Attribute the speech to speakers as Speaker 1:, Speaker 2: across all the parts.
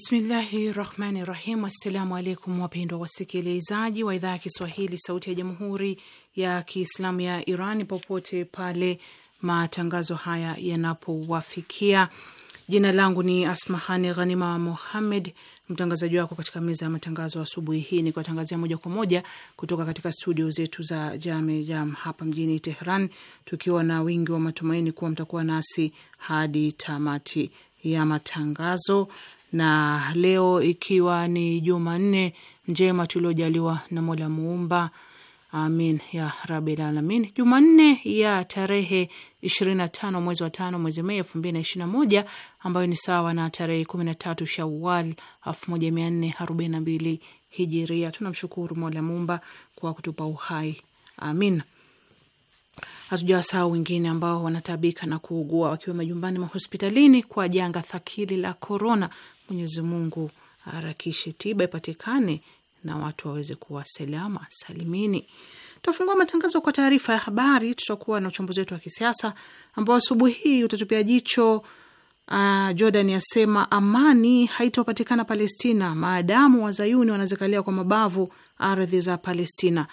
Speaker 1: Bismillahi rahmani rahim. Assalamu alaikum wapendwa wasikilizaji wa idhaa ya Kiswahili sauti ya jamhuri ya Kiislamu ya Iran popote pale matangazo haya yanapowafikia. Jina langu ni Asmahani Ghanima Mohammed, mtangazaji wako katika meza ya matangazo asubuhi hii, ni kuwatangazia moja kwa moja kutoka katika studio zetu za Jame Jam hapa mjini Tehran, tukiwa na wingi wa matumaini kuwa mtakuwa nasi hadi tamati ya matangazo na leo ikiwa ni Jumanne njema tuliojaliwa na Mola Muumba, amin ya rabbil alamin. Jumanne ya tarehe ishirini na tano mwezi wa tano mwezi Mei elfu mbili na na moja ambayo ni sawa na tarehe kumi na tatu Shawal elfu moja mia nne arobaini na mbili Hijiria. Tunamshukuru Mola Muumba kwa kutupa uhai, amin. Hatujawasahau wengine ambao wanatabika na kuugua wakiwa majumbani, mahospitalini kwa janga thakili la korona Mwenyezi Mungu harakishe tiba ipatikane na watu waweze kuwa salama salimini. Tutafungua matangazo kwa taarifa ya habari. Tutakuwa na uchambuzi wetu wa kisiasa ambao asubuhi hii utatupia jicho Uh, Jordan yasema amani haitopatikana Palestina maadamu wazayuni wanazikalia kwa mabavu ardhi za Palestina.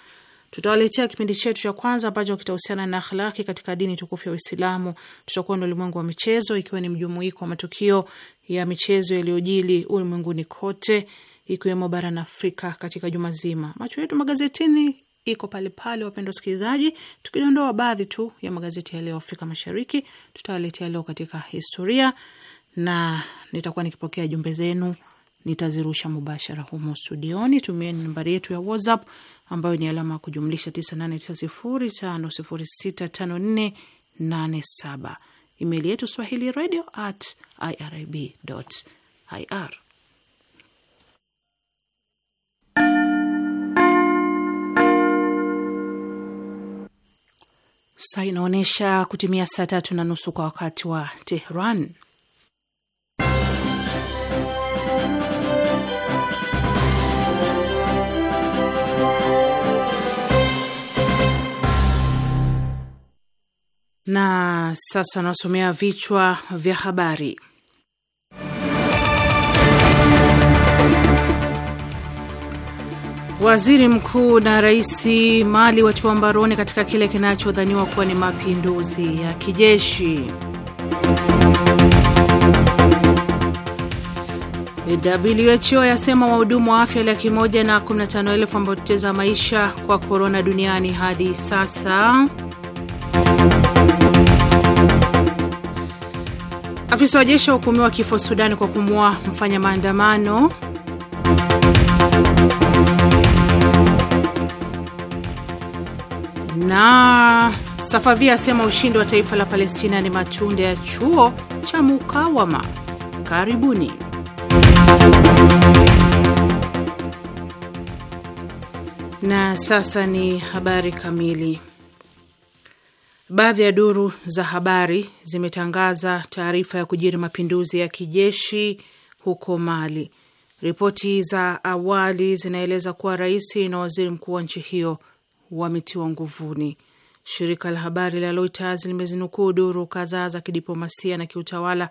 Speaker 1: Tutawaletea kipindi chetu cha kwanza ambacho kitahusiana na akhlaki katika dini tukufu ya Uislamu. Tutakuwa na ulimwengu wa michezo, ikiwa ni mjumuiko wa matukio ya michezo yaliyojili ulimwenguni kote ikiwemo barani Afrika katika juma zima. Macho yetu magazetini iko pale pale, wapendwa wasikilizaji, tukidondoa baadhi tu ya magazeti ya leo Afrika Mashariki, tutawaletea leo katika historia, na nitakuwa nikipokea jumbe zenu, nitazirusha mubashara humo studioni. Tumieni nambari yetu ya WhatsApp ambayo ni alama ya kujumlisha 989050065487. Email yetu swahili radio at irib ir. Saa inaonyesha kutimia saa tatu na nusu kwa wakati wa Tehran. Na sasa nasomea vichwa vya habari. Waziri mkuu na rais Mali watiwa mbaroni katika kile kinachodhaniwa kuwa ni mapinduzi ya kijeshi. WHO yasema wahudumu wa afya laki moja na 15,000 wamepoteza maisha kwa korona duniani hadi sasa. Afisa wa jeshi ahukumiwa kifo Sudani kwa kumua mfanya maandamano. Na Safavia asema ushindi wa taifa la Palestina ni matunda ya chuo cha Mukawama. Karibuni. Na sasa ni habari kamili. Baadhi ya duru za habari zimetangaza taarifa ya kujiri mapinduzi ya kijeshi huko Mali. Ripoti za awali zinaeleza kuwa rais na waziri mkuu wa nchi hiyo wametiwa nguvuni. Shirika la habari la Reuters limezinukuu duru kadhaa za kidiplomasia na kiutawala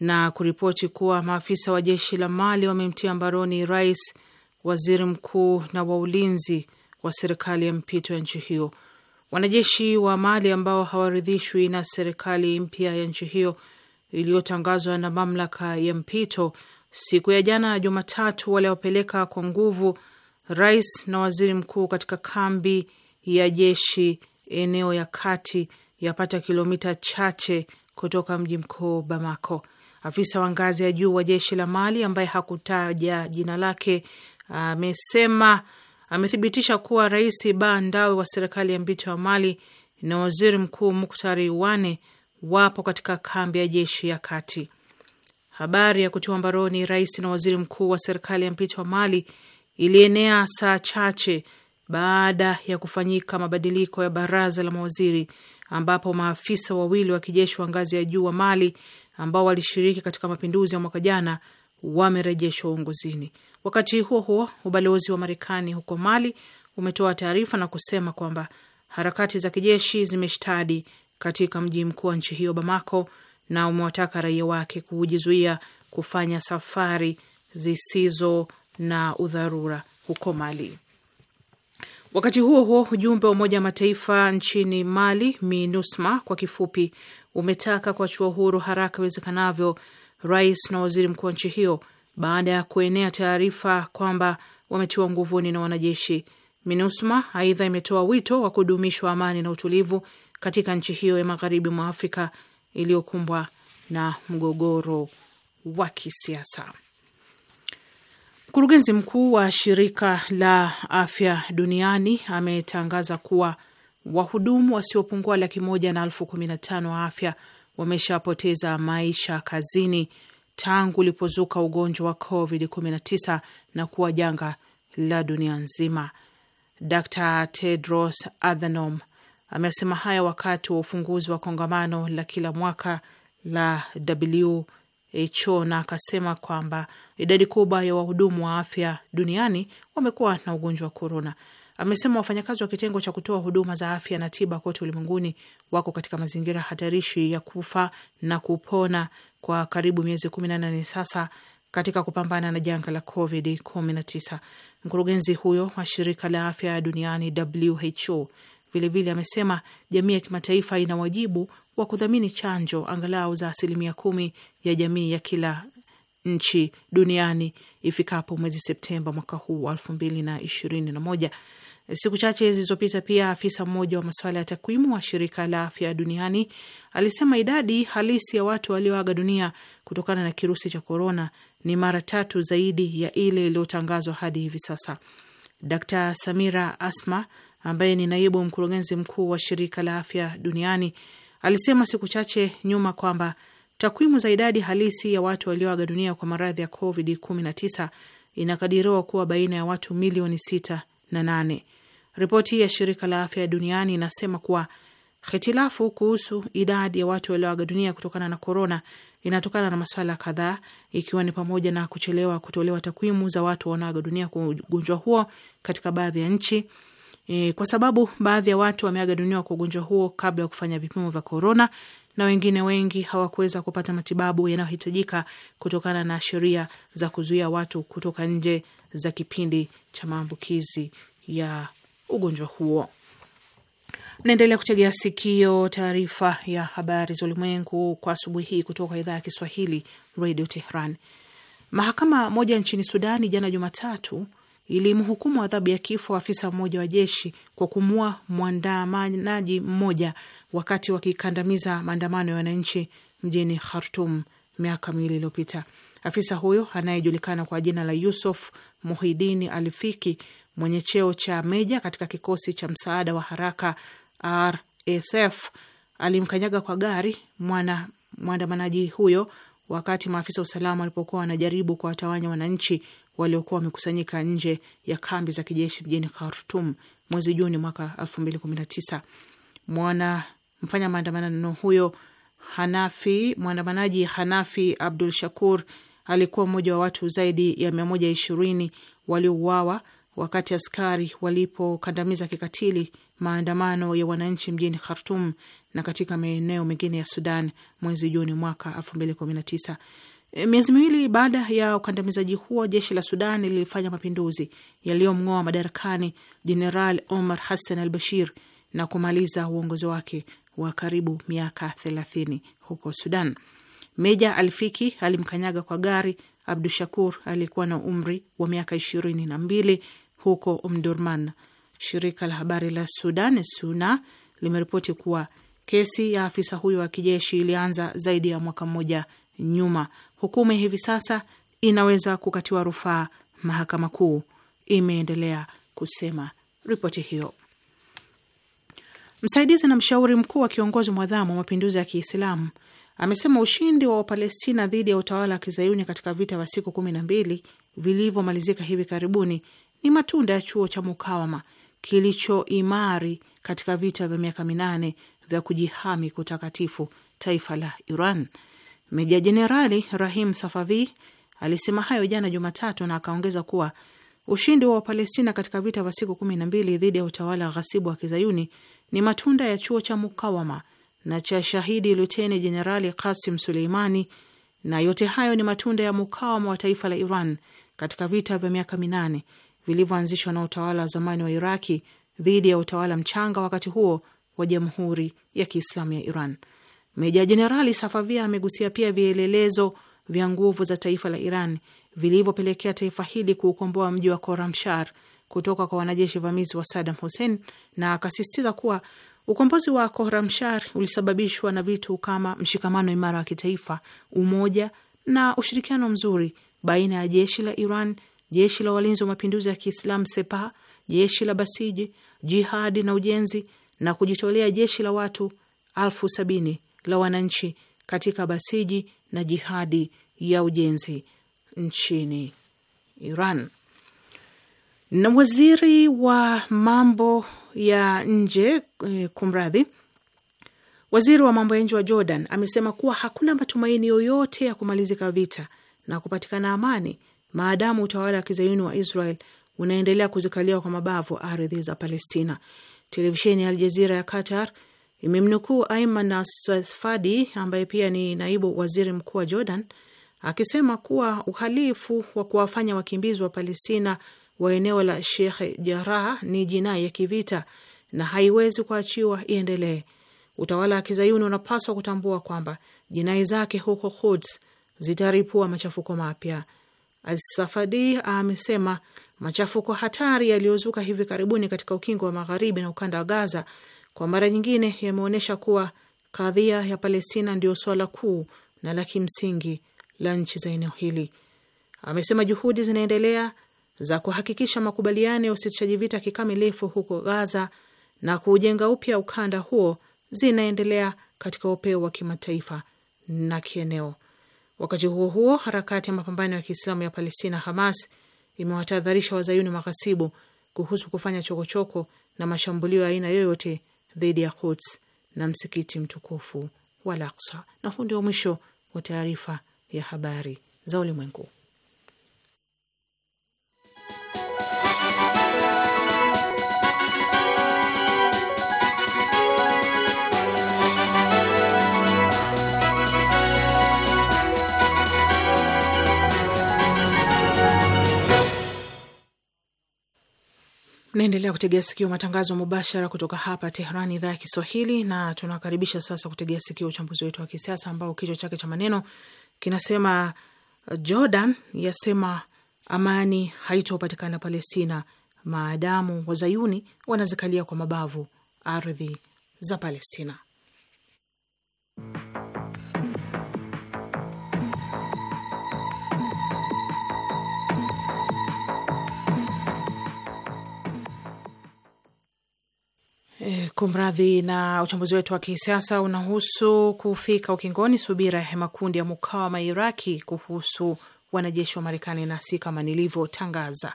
Speaker 1: na kuripoti kuwa maafisa wa jeshi la Mali wamemtia mbaroni rais, waziri mkuu na waulinzi wa serikali ya mpito ya nchi hiyo Wanajeshi wa Mali ambao hawaridhishwi na serikali mpya ya nchi hiyo iliyotangazwa na mamlaka ya mpito, siku ya jana Jumatatu, waliwapeleka kwa nguvu rais na waziri mkuu katika kambi ya jeshi eneo ya kati yapata kilomita chache kutoka mji mkuu Bamako. Afisa wa ngazi ya juu wa jeshi la Mali ambaye hakutaja jina lake amesema uh, amethibitisha kuwa Rais Ba Ndawe wa serikali ya mpito wa Mali na waziri mkuu Muktari Wane wapo katika kambi ya jeshi ya kati. Habari ya kutiwa mbaroni rais na waziri mkuu wa serikali ya mpito wa Mali ilienea saa chache baada ya kufanyika mabadiliko ya baraza la mawaziri, ambapo maafisa wawili wa kijeshi wa ngazi ya juu wa Mali ambao walishiriki katika mapinduzi ya mwaka jana wamerejeshwa uongozini. Wakati huo huo, ubalozi wa Marekani huko Mali umetoa taarifa na kusema kwamba harakati za kijeshi zimeshtadi katika mji mkuu wa nchi hiyo Bamako, na umewataka raia wake kujizuia kufanya safari zisizo na udharura huko Mali. Wakati huo huo, ujumbe wa Umoja wa Mataifa nchini Mali, MINUSMA kwa kifupi, umetaka kuachua huru haraka iwezekanavyo rais na waziri mkuu wa nchi hiyo baada ya kuenea taarifa kwamba wametiwa nguvuni na wanajeshi. MINUSMA aidha imetoa wito wa kudumishwa amani na utulivu katika nchi hiyo ya magharibi mwa Afrika iliyokumbwa na mgogoro wa kisiasa. Mkurugenzi mkuu wa shirika la afya duniani ametangaza kuwa wahudumu wasiopungua laki moja na elfu kumi na tano wa afya wameshapoteza maisha kazini tangu ulipozuka ugonjwa wa COVID-19 na kuwa janga la dunia nzima. Dr Tedros Adhanom amesema haya wakati wa ufunguzi wa kongamano la kila mwaka la WHO na akasema kwamba idadi kubwa ya wahudumu wa afya duniani wamekuwa na ugonjwa wa korona amesema wafanyakazi wa kitengo cha kutoa huduma za afya na tiba kote ulimwenguni wako katika mazingira hatarishi ya kufa na kupona kwa karibu miezi kumi na nane sasa katika kupambana na janga la Covid 19. Mkurugenzi huyo wa shirika la afya duniani WHO vilevile vile amesema jamii ya kimataifa ina wajibu wa kudhamini chanjo angalau za asilimia kumi ya jamii ya kila nchi duniani ifikapo mwezi Septemba mwaka huu wa elfu mbili na ishirini na moja. Siku chache zilizopita pia afisa mmoja wa masuala ya takwimu wa shirika la afya duniani alisema idadi halisi ya watu walioaga dunia kutokana na kirusi cha korona ni mara tatu zaidi ya ile iliyotangazwa hadi hivi sasa. Dr Samira Asma ambaye ni naibu mkurugenzi mkuu wa shirika la afya duniani alisema siku chache nyuma kwamba takwimu za idadi halisi ya watu walioaga dunia kwa maradhi ya COVID-19 inakadiriwa kuwa baina ya watu milioni sita na nane Ripoti ya shirika la afya duniani inasema kuwa hitilafu kuhusu idadi ya watu walioaga dunia kutokana na korona inatokana na maswala kadhaa, ikiwa ni pamoja na kuchelewa kutolewa takwimu za watu wanaoaga dunia kwa ugonjwa huo katika baadhi ya nchi e, kwa sababu baadhi ya watu wameaga dunia kwa ugonjwa huo kabla ya kufanya vipimo vya korona na wengine wengi hawakuweza kupata matibabu yanayohitajika kutokana na sheria za kuzuia watu kutoka nje za kipindi cha maambukizi ya ugonjwa huo. Naendelea kutegea sikio taarifa ya habari za ulimwengu kwa asubuhi hii kutoka idhaa ya Kiswahili Radio Tehran. Mahakama moja nchini Sudani jana Jumatatu ilimhukumu adhabu ya kifo afisa mmoja wa jeshi kwa kumua mwandamanaji mmoja wakati wakikandamiza maandamano ya wananchi mjini Khartum miaka miwili iliyopita. Afisa huyo anayejulikana kwa jina la Yusuf Muhidini Alfiki mwenye cheo cha meja katika kikosi cha msaada wa haraka RSF alimkanyaga kwa gari mwana mwandamanaji huyo wakati maafisa wa usalama walipokuwa wanajaribu kuwatawanya wananchi waliokuwa wamekusanyika nje ya kambi za kijeshi mjini Khartum mwezi Juni mwaka tisa. Mwana mfanya maandamano huyo Hanafi, mwandamanaji Hanafi Abdul Shakur alikuwa mmoja wa watu zaidi ya ishirini waliouawa wakati askari walipokandamiza kikatili maandamano ya wananchi mjini Khartum na katika maeneo mengine ya Sudan mwezi Juni mwaka elfu mbili kumi na tisa. E, miezi miwili baada ya ukandamizaji huo, jeshi la Sudan lilifanya mapinduzi yaliyomng'oa madarakani Jeneral Omar Hassan al Bashir na kumaliza uongozi wake wa karibu miaka thelathini huko Sudan. Meja Alfiki alimkanyaga kwa gari Abdu Shakur aliyekuwa na umri wa miaka ishirini na mbili huko Omdurman. Shirika la habari la Sudan SUNA limeripoti kuwa kesi ya afisa huyo wa kijeshi ilianza zaidi ya mwaka mmoja nyuma. Hukumu hivi sasa inaweza kukatiwa rufaa mahakama kuu, imeendelea kusema ripoti hiyo. Msaidizi na mshauri mkuu wa kiongozi mwadhamu wa mapinduzi ya Kiislamu amesema ushindi wa Wapalestina dhidi ya utawala wa kizayuni katika vita vya siku kumi na mbili vilivyomalizika hivi karibuni ni matunda ya chuo cha mukawama kilichoimari katika vita vya miaka minane vya kujihami kutakatifu taifa la Iran. Meja Jenerali Rahim Safavi alisema hayo jana Jumatatu na akaongeza kuwa ushindi wa Wapalestina katika vita vya siku kumi na mbili dhidi ya utawala ghasibu wa kizayuni ni matunda ya chuo cha mukawama na cha shahidi luteni jenerali Kasim Suleimani, na yote hayo ni matunda ya mukawama wa taifa la Iran katika vita vya miaka minane vilivyoanzishwa na utawala wa zamani wa Iraki dhidi ya utawala mchanga wakati huo wa Jamhuri ya Kiislamu ya Iran. Meja Jenerali Safavia amegusia pia vielelezo vya nguvu za taifa la Iran vilivyopelekea taifa hili kuukomboa mji wa Koramshar kutoka kwa wanajeshi vamizi wa Sadam Hussein, na akasisitiza kuwa ukombozi wa Koramshar ulisababishwa na vitu kama mshikamano imara wa kitaifa, umoja na ushirikiano mzuri baina ya jeshi la Iran jeshi la walinzi wa mapinduzi ya Kiislamu Sepa, jeshi la Basiji, jihadi na ujenzi na kujitolea jeshi la watu elfu sabini la wananchi katika Basiji na jihadi ya ujenzi nchini Iran. Na waziri wa mambo ya nje eh, kumradhi, waziri wa mambo ya nje wa Jordan amesema kuwa hakuna matumaini yoyote ya kumalizika vita na kupatikana amani maadamu utawala wa kizayuni wa Israel unaendelea kuzikalia kwa mabavu ardhi za Palestina. Televisheni ya Aljazira ya Qatar imemnukuu Aiman Asfadi ambaye pia ni naibu waziri mkuu wa Jordan akisema kuwa uhalifu wa kuwafanya wakimbizi wa Palestina wa eneo la Sheikh Jarah ni jinai ya kivita na haiwezi kuachiwa iendelee. Utawala wa kizayuni unapaswa kutambua kwamba jinai zake huko Quds zitaripua machafuko mapya. Alsafadi amesema machafuko hatari yaliyozuka hivi karibuni katika ukingo wa magharibi na ukanda wa Gaza kwa mara nyingine yameonyesha kuwa kadhia ya Palestina ndiyo swala kuu na la kimsingi la nchi za eneo hili. Amesema juhudi zinaendelea za kuhakikisha makubaliano ya usitishaji vita kikamilifu huko Gaza na kuujenga upya ukanda huo zinaendelea katika upeo wa kimataifa na kieneo. Wakati huo huo, harakati ya mapambano ya Kiislamu ya Palestina, Hamas, imewatahadharisha wazayuni maghasibu kuhusu kufanya chokochoko -choko na mashambulio ya aina yoyote dhidi ya Quds na msikiti mtukufu wa Al-Aqsa. Na huu ndio mwisho wa taarifa ya habari za ulimwengu. Naendelea kutegea sikio matangazo mubashara kutoka hapa Tehrani, idhaa ya Kiswahili, na tunakaribisha sasa kutegea sikio uchambuzi wetu wa kisiasa ambao kichwa chake cha maneno kinasema Jordan yasema amani haitopatikana Palestina maadamu wazayuni wanazikalia kwa mabavu ardhi za Palestina. Eh, kumradhi. Na uchambuzi wetu wa kisiasa unahusu kufika ukingoni subira ya makundi ya mukawama Iraki kuhusu wanajeshi wa Marekani, na si kama nilivyotangaza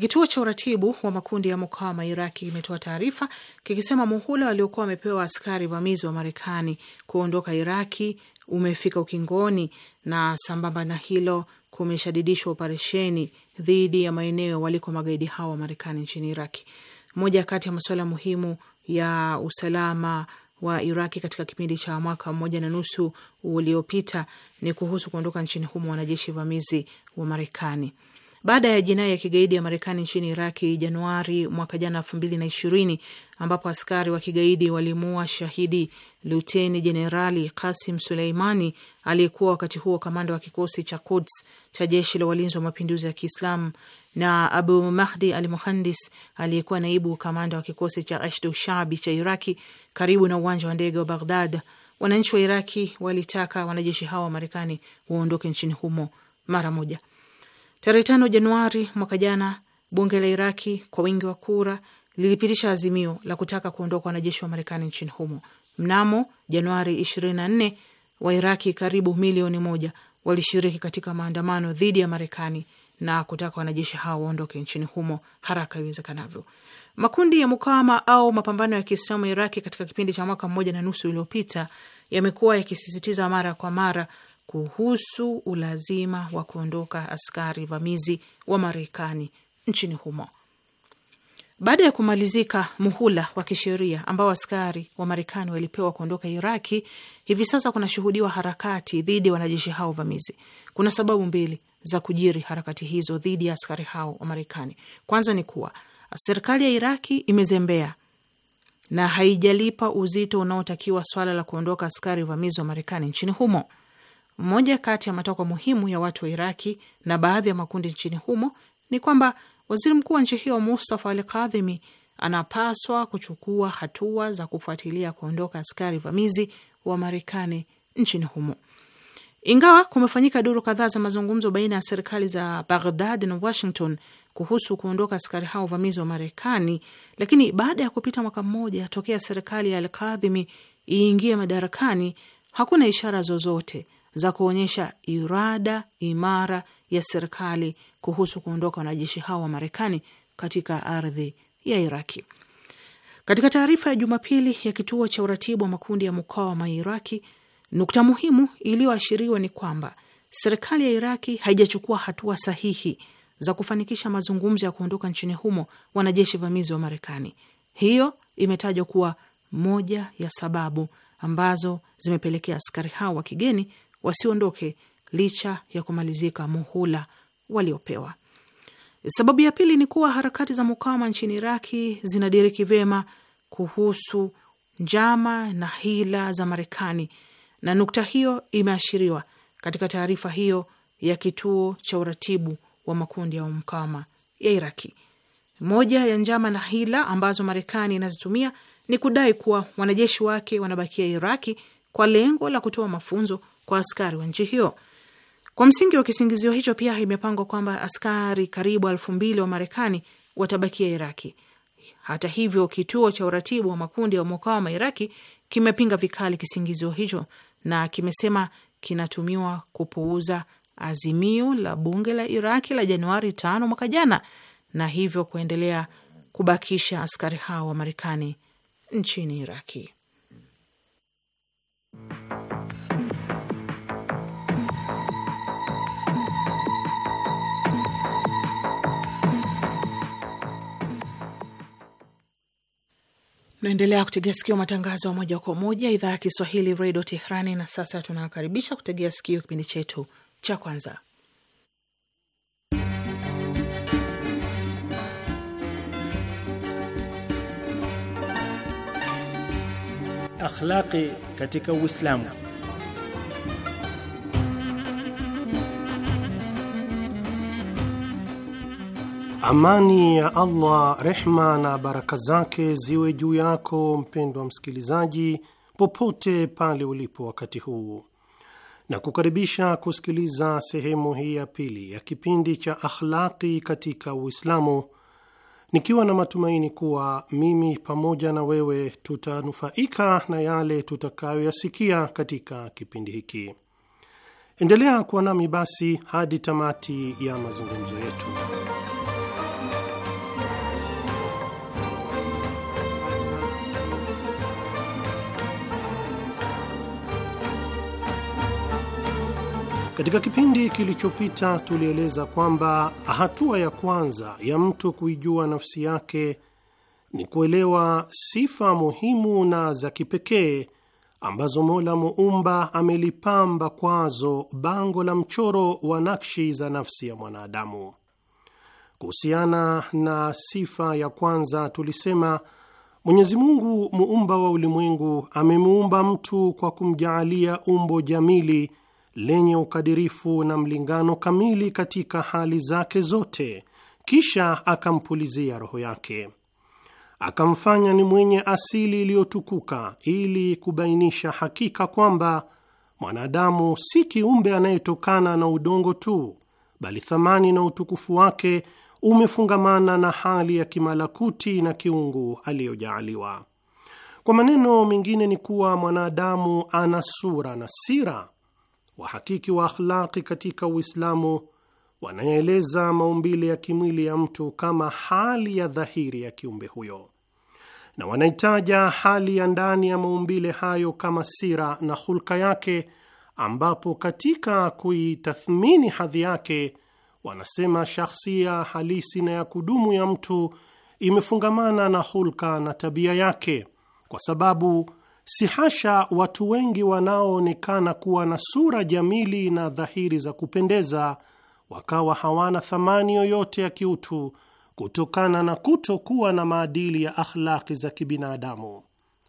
Speaker 1: Kituo cha uratibu wa makundi ya mukawama Iraki kimetoa taarifa kikisema muhula waliokuwa wamepewa askari vamizi wa Marekani kuondoka Iraki umefika ukingoni, na sambamba na hilo kumeshadidishwa operesheni dhidi ya maeneo waliko magaidi hao wa Marekani nchini Iraki. Moja kati ya masuala muhimu ya usalama wa Iraki katika kipindi cha mwaka mmoja na nusu uliopita ni kuhusu kuondoka nchini humo wanajeshi vamizi wa Marekani baada ya jinai ya kigaidi ya Marekani nchini Iraki Januari mwaka jana elfu mbili na ishirini, ambapo askari wa kigaidi walimuua shahidi luteni jenerali Kasim Suleimani aliyekuwa wakati huo kamanda wa kikosi cha Kuds cha jeshi la walinzi wa mapinduzi ya Kiislamu na Abu Mahdi al Muhandis aliyekuwa naibu kamanda wa kikosi cha Ashdu Shabi cha Iraki karibu na uwanja wa ndege wa Baghdad. Wananchi wa Iraki walitaka wanajeshi hao wa Marekani waondoke nchini humo mara moja. Tarehe tano Januari mwaka jana, bunge la Iraki kwa wingi wa kura lilipitisha azimio la kutaka kuondoka wanajeshi wa Marekani nchini humo. Mnamo Januari 24 Wairaki karibu milioni moja walishiriki katika maandamano dhidi ya Marekani na kutaka wanajeshi hao waondoke nchini humo haraka iwezekanavyo. Makundi ya mukawama au mapambano ya Kiislamu Iraki katika kipindi cha mwaka mmoja na nusu uliopita yamekuwa yakisisitiza mara kwa mara kuhusu ulazima wa kuondoka askari vamizi wa Marekani nchini humo. Baada ya kumalizika muhula wa kisheria ambao askari wa Marekani walipewa kuondoka Iraki, Hivi sasa kunashuhudiwa harakati dhidi ya wanajeshi hao vamizi. Kuna sababu mbili za kujiri harakati hizo dhidi ya askari hao wa Marekani. Kwanza ni kuwa serikali ya Iraki imezembea na haijalipa uzito unaotakiwa swala la kuondoka askari vamizi wa Marekani nchini humo. Mmoja kati ya matakwa muhimu ya watu wa Iraki na baadhi ya makundi nchini humo ni kwamba waziri mkuu wa nchi hiyo Mustafa Al Kadhimi anapaswa kuchukua hatua za kufuatilia kuondoka askari vamizi wa Marekani nchini humo. Ingawa kumefanyika duru kadhaa za mazungumzo baina ya serikali za Baghdad na Washington kuhusu kuondoka askari hao uvamizi wa Marekani, lakini baada ya kupita mwaka mmoja tokea serikali ya Alkadhimi iingie madarakani, hakuna ishara zozote za kuonyesha irada imara ya serikali kuhusu kuondoka wanajeshi hao wa Marekani katika ardhi ya Iraki. Katika taarifa ya Jumapili ya kituo cha uratibu wa makundi ya mukawama ya Iraki, nukta muhimu iliyoashiriwa ni kwamba serikali ya Iraki haijachukua hatua sahihi za kufanikisha mazungumzo ya kuondoka nchini humo wanajeshi vamizi wa Marekani. Hiyo imetajwa kuwa moja ya sababu ambazo zimepelekea askari hao wa kigeni wasiondoke licha ya kumalizika muhula waliopewa. Sababu ya pili ni kuwa harakati za mukawama nchini Iraki zinadiriki vyema kuhusu njama na hila za Marekani, na nukta hiyo imeashiriwa katika taarifa hiyo ya kituo cha uratibu wa makundi ya mukawama ya Iraki. Moja ya njama na hila ambazo Marekani inazitumia ni kudai kuwa wanajeshi wake wanabakia Iraki kwa lengo la kutoa mafunzo kwa askari wa nchi hiyo. Kwa msingi wa kisingizio hicho, pia imepangwa kwamba askari karibu elfu mbili wa Marekani watabakia Iraki. Hata hivyo, kituo cha uratibu wa makundi ya mukawama Iraki kimepinga vikali kisingizio hicho na kimesema kinatumiwa kupuuza azimio la bunge la Iraki la Januari tano mwaka jana, na hivyo kuendelea kubakisha askari hao wa Marekani nchini Iraki. Naendelea kutegea sikio matangazo ya moja kwa moja idhaa ya Kiswahili redio Tehrani. Na sasa tunawakaribisha kutegea sikio kipindi chetu cha kwanza,
Speaker 2: akhlaqi katika Uislamu. Amani ya Allah, rehma na baraka zake ziwe juu yako mpendwa msikilizaji, popote pale ulipo wakati huu, na kukaribisha kusikiliza sehemu hii ya pili ya kipindi cha Akhlaqi katika Uislamu, nikiwa na matumaini kuwa mimi pamoja na wewe tutanufaika na yale tutakayoyasikia katika kipindi hiki. Endelea kuwa nami basi hadi tamati ya mazungumzo yetu. Katika kipindi kilichopita tulieleza kwamba hatua ya kwanza ya mtu kuijua nafsi yake ni kuelewa sifa muhimu na za kipekee ambazo Mola Muumba amelipamba kwazo bango la mchoro wa nakshi za nafsi ya mwanadamu. Kuhusiana na sifa ya kwanza tulisema Mwenyezi Mungu muumba wa ulimwengu amemuumba mtu kwa kumjaalia umbo jamili lenye ukadirifu na mlingano kamili katika hali zake zote, kisha akampulizia roho yake, akamfanya ni mwenye asili iliyotukuka, ili kubainisha hakika kwamba mwanadamu si kiumbe anayetokana na udongo tu, bali thamani na utukufu wake umefungamana na hali ya kimalakuti na kiungu aliyojaaliwa. Kwa maneno mengine ni kuwa mwanadamu ana sura na sira wahakiki wa akhlaqi katika Uislamu wanaeleza maumbile ya kimwili ya mtu kama hali ya dhahiri ya kiumbe huyo, na wanaitaja hali ya ndani ya maumbile hayo kama sira na hulka yake, ambapo katika kuitathmini hadhi yake wanasema shahsia halisi na ya kudumu ya mtu imefungamana na hulka na tabia yake, kwa sababu Si hasha watu wengi wanaoonekana kuwa na sura jamili na dhahiri za kupendeza wakawa hawana thamani yoyote ya kiutu kutokana na kutokuwa na maadili ya akhlaki za kibinadamu,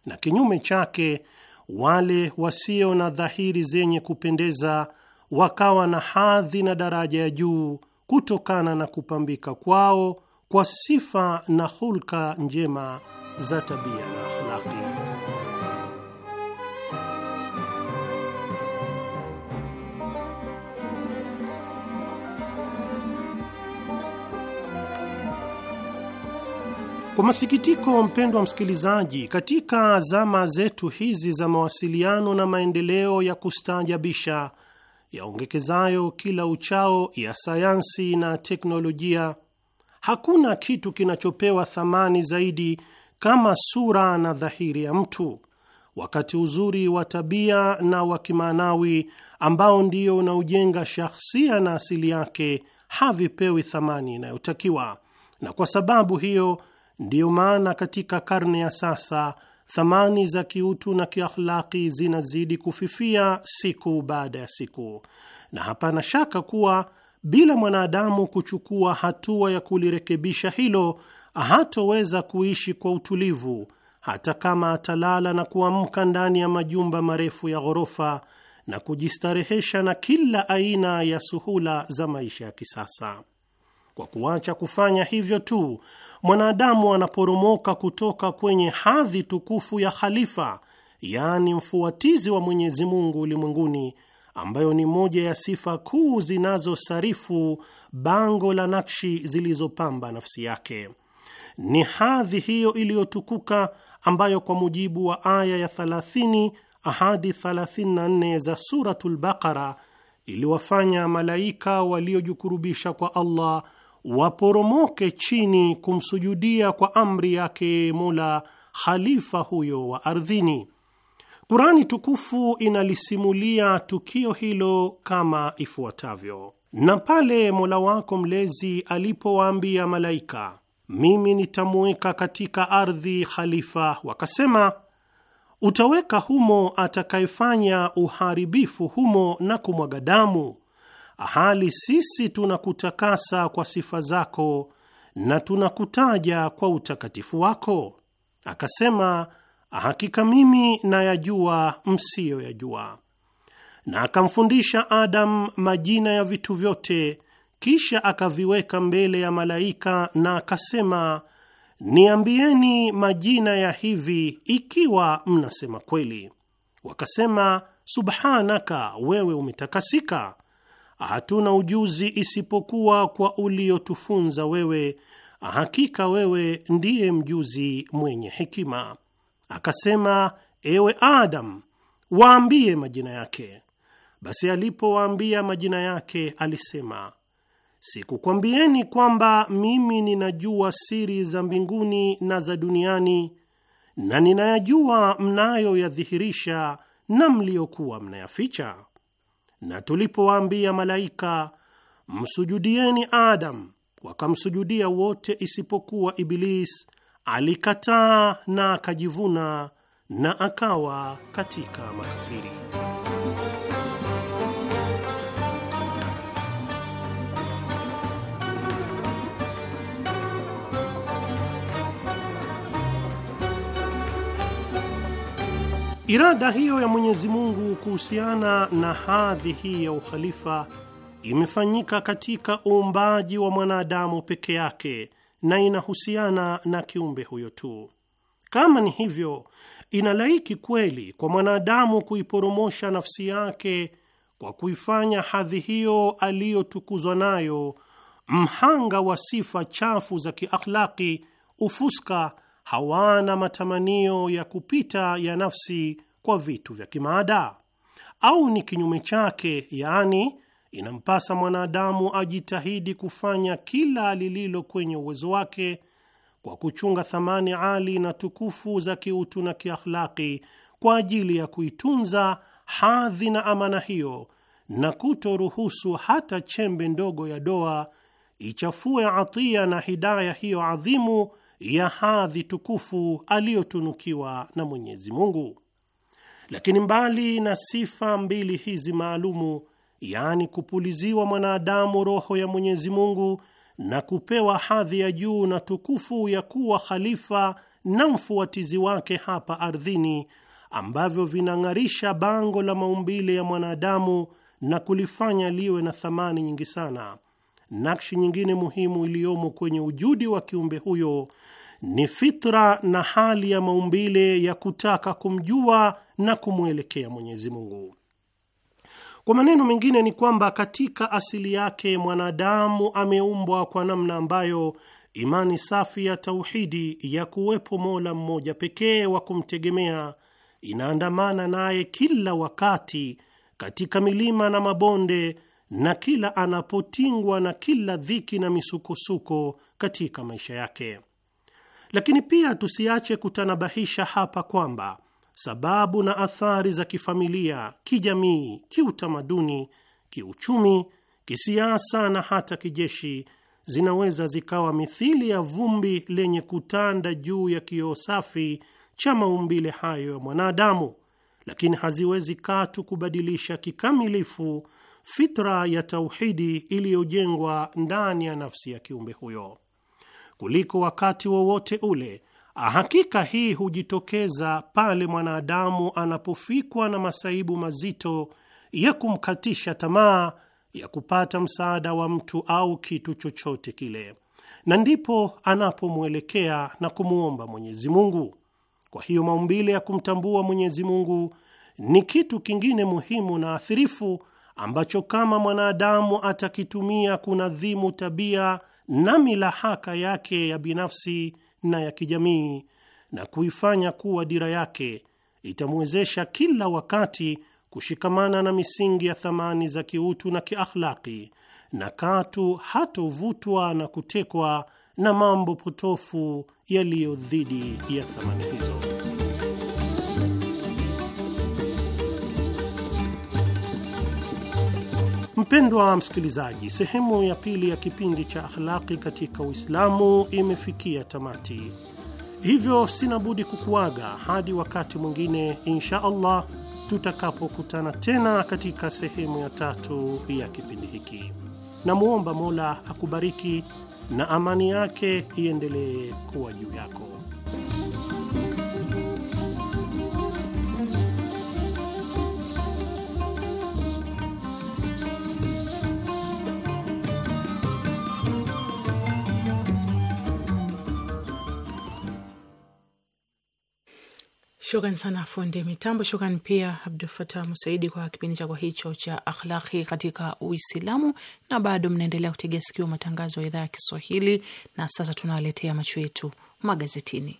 Speaker 2: na kinyume chake wale wasio na dhahiri zenye kupendeza wakawa na hadhi na daraja ya juu kutokana na kupambika kwao kwa sifa na hulka njema za tabia na akhlaki. Kwa masikitiko, mpendwa msikilizaji, katika zama zetu hizi za mawasiliano na maendeleo ya kustaajabisha yaongekezayo kila uchao ya sayansi na teknolojia, hakuna kitu kinachopewa thamani zaidi kama sura na dhahiri ya mtu, wakati uzuri wa tabia na wa kimaanawi ambao ndio unaojenga shahsia na asili yake havipewi thamani inayotakiwa, na kwa sababu hiyo Ndiyo maana katika karne ya sasa thamani za kiutu na kiakhlaki zinazidi kufifia siku baada ya siku, na hapana shaka kuwa bila mwanadamu kuchukua hatua ya kulirekebisha hilo, hatoweza kuishi kwa utulivu, hata kama atalala na kuamka ndani ya majumba marefu ya ghorofa na kujistarehesha na kila aina ya suhula za maisha ya kisasa. Kwa kuacha kufanya hivyo tu, mwanadamu anaporomoka kutoka kwenye hadhi tukufu ya khalifa, yaani mfuatizi wa Mwenyezi Mungu ulimwenguni, ambayo ni moja ya sifa kuu zinazosarifu bango la nakshi zilizopamba nafsi yake. Ni hadhi hiyo iliyotukuka ambayo kwa mujibu wa aya ya 30 ahadi 34 za Suratul Baqara iliwafanya malaika waliojikurubisha kwa Allah waporomoke chini kumsujudia kwa amri yake Mola khalifa huyo wa ardhini. Kurani tukufu inalisimulia tukio hilo kama ifuatavyo: na pale Mola wako mlezi alipowaambia malaika, mimi nitamuweka katika ardhi khalifa, wakasema utaweka humo atakayefanya uharibifu humo na kumwaga damu hali sisi tunakutakasa kwa sifa zako na tunakutaja kwa utakatifu wako? Akasema, hakika mimi nayajua msiyoyajua. Na akamfundisha Adamu majina ya vitu vyote, kisha akaviweka mbele ya malaika na akasema, niambieni majina ya hivi ikiwa mnasema kweli. Wakasema, subhanaka, wewe umetakasika hatuna ujuzi isipokuwa kwa uliotufunza wewe, hakika wewe ndiye mjuzi mwenye hekima. Akasema, ewe Adam, waambie majina yake. Basi alipowaambia majina yake, alisema Sikukwambieni kwamba mimi ninajua siri za mbinguni na za duniani, na ninayajua mnayoyadhihirisha na mliyokuwa mnayaficha? na tulipowaambia malaika msujudieni Adam, wakamsujudia wote isipokuwa Iblis, alikataa na akajivuna na akawa katika makafiri. Irada hiyo ya Mwenyezi Mungu kuhusiana na hadhi hii ya ukhalifa imefanyika katika uumbaji wa mwanadamu peke yake na inahusiana na kiumbe huyo tu. Kama ni hivyo, inalaiki kweli kwa mwanadamu kuiporomosha nafsi yake kwa kuifanya hadhi hiyo aliyotukuzwa nayo mhanga wa sifa chafu za kiakhlaki, ufuska hawana matamanio ya kupita ya nafsi kwa vitu vya kimaada, au ni kinyume chake, yaani inampasa mwanadamu ajitahidi kufanya kila lililo kwenye uwezo wake kwa kuchunga thamani ali na tukufu za kiutu na kiakhlaki kwa ajili ya kuitunza hadhi na amana hiyo na kutoruhusu hata chembe ndogo ya doa ichafue atia na hidaya hiyo adhimu ya hadhi tukufu aliyotunukiwa na Mwenyezi Mungu. Lakini mbali na sifa mbili hizi maalumu, yaani kupuliziwa mwanadamu roho ya Mwenyezi Mungu na kupewa hadhi ya juu na tukufu ya kuwa khalifa na mfuatizi wake hapa ardhini, ambavyo vinang'arisha bango la maumbile ya mwanadamu na kulifanya liwe na thamani nyingi sana Nakshi nyingine muhimu iliyomo kwenye ujudi wa kiumbe huyo ni fitra na hali ya maumbile ya kutaka kumjua na kumwelekea Mwenyezi Mungu. Kwa maneno mengine ni kwamba katika asili yake mwanadamu ameumbwa kwa namna ambayo imani safi ya tauhidi ya kuwepo Mola mmoja pekee wa kumtegemea inaandamana naye kila wakati katika milima na mabonde na kila anapotingwa na kila dhiki na misukosuko katika maisha yake. Lakini pia tusiache kutanabahisha hapa kwamba sababu na athari za kifamilia, kijamii, kiutamaduni, kiuchumi, kisiasa na hata kijeshi zinaweza zikawa mithili ya vumbi lenye kutanda juu ya kioo safi cha maumbile hayo ya mwanadamu, lakini haziwezi katu kubadilisha kikamilifu fitra ya tauhidi iliyojengwa ndani ya nafsi ya kiumbe huyo kuliko wakati wowote ule. Hakika hii hujitokeza pale mwanadamu anapofikwa na masaibu mazito ya kumkatisha tamaa ya kupata msaada wa mtu au kitu chochote kile, na ndipo anapomwelekea na kumwomba Mwenyezi Mungu. Kwa hiyo maumbile ya kumtambua Mwenyezi Mungu ni kitu kingine muhimu na athirifu ambacho kama mwanadamu atakitumia kunadhimu tabia na milahaka yake ya binafsi na ya kijamii na kuifanya kuwa dira yake, itamwezesha kila wakati kushikamana na misingi ya thamani za kiutu na kiakhlaki, na katu hatovutwa na kutekwa na mambo potofu yaliyo dhidi ya thamani hizo. Mpendwa msikilizaji, sehemu ya pili ya kipindi cha Akhlaqi katika Uislamu imefikia tamati, hivyo sina budi kukuaga hadi wakati mwingine insha Allah tutakapokutana tena katika sehemu ya tatu ya kipindi hiki. Namwomba Mola akubariki na amani yake iendelee kuwa juu yako.
Speaker 1: Shukran sana fundi mitambo, shukran pia Abdul Fatah Musaidi kwa kipindi chako hicho cha akhlaki katika Uislamu. Na bado mnaendelea kutegea sikio matangazo ya idhaa ya Kiswahili, na sasa tunawaletea macho yetu magazetini.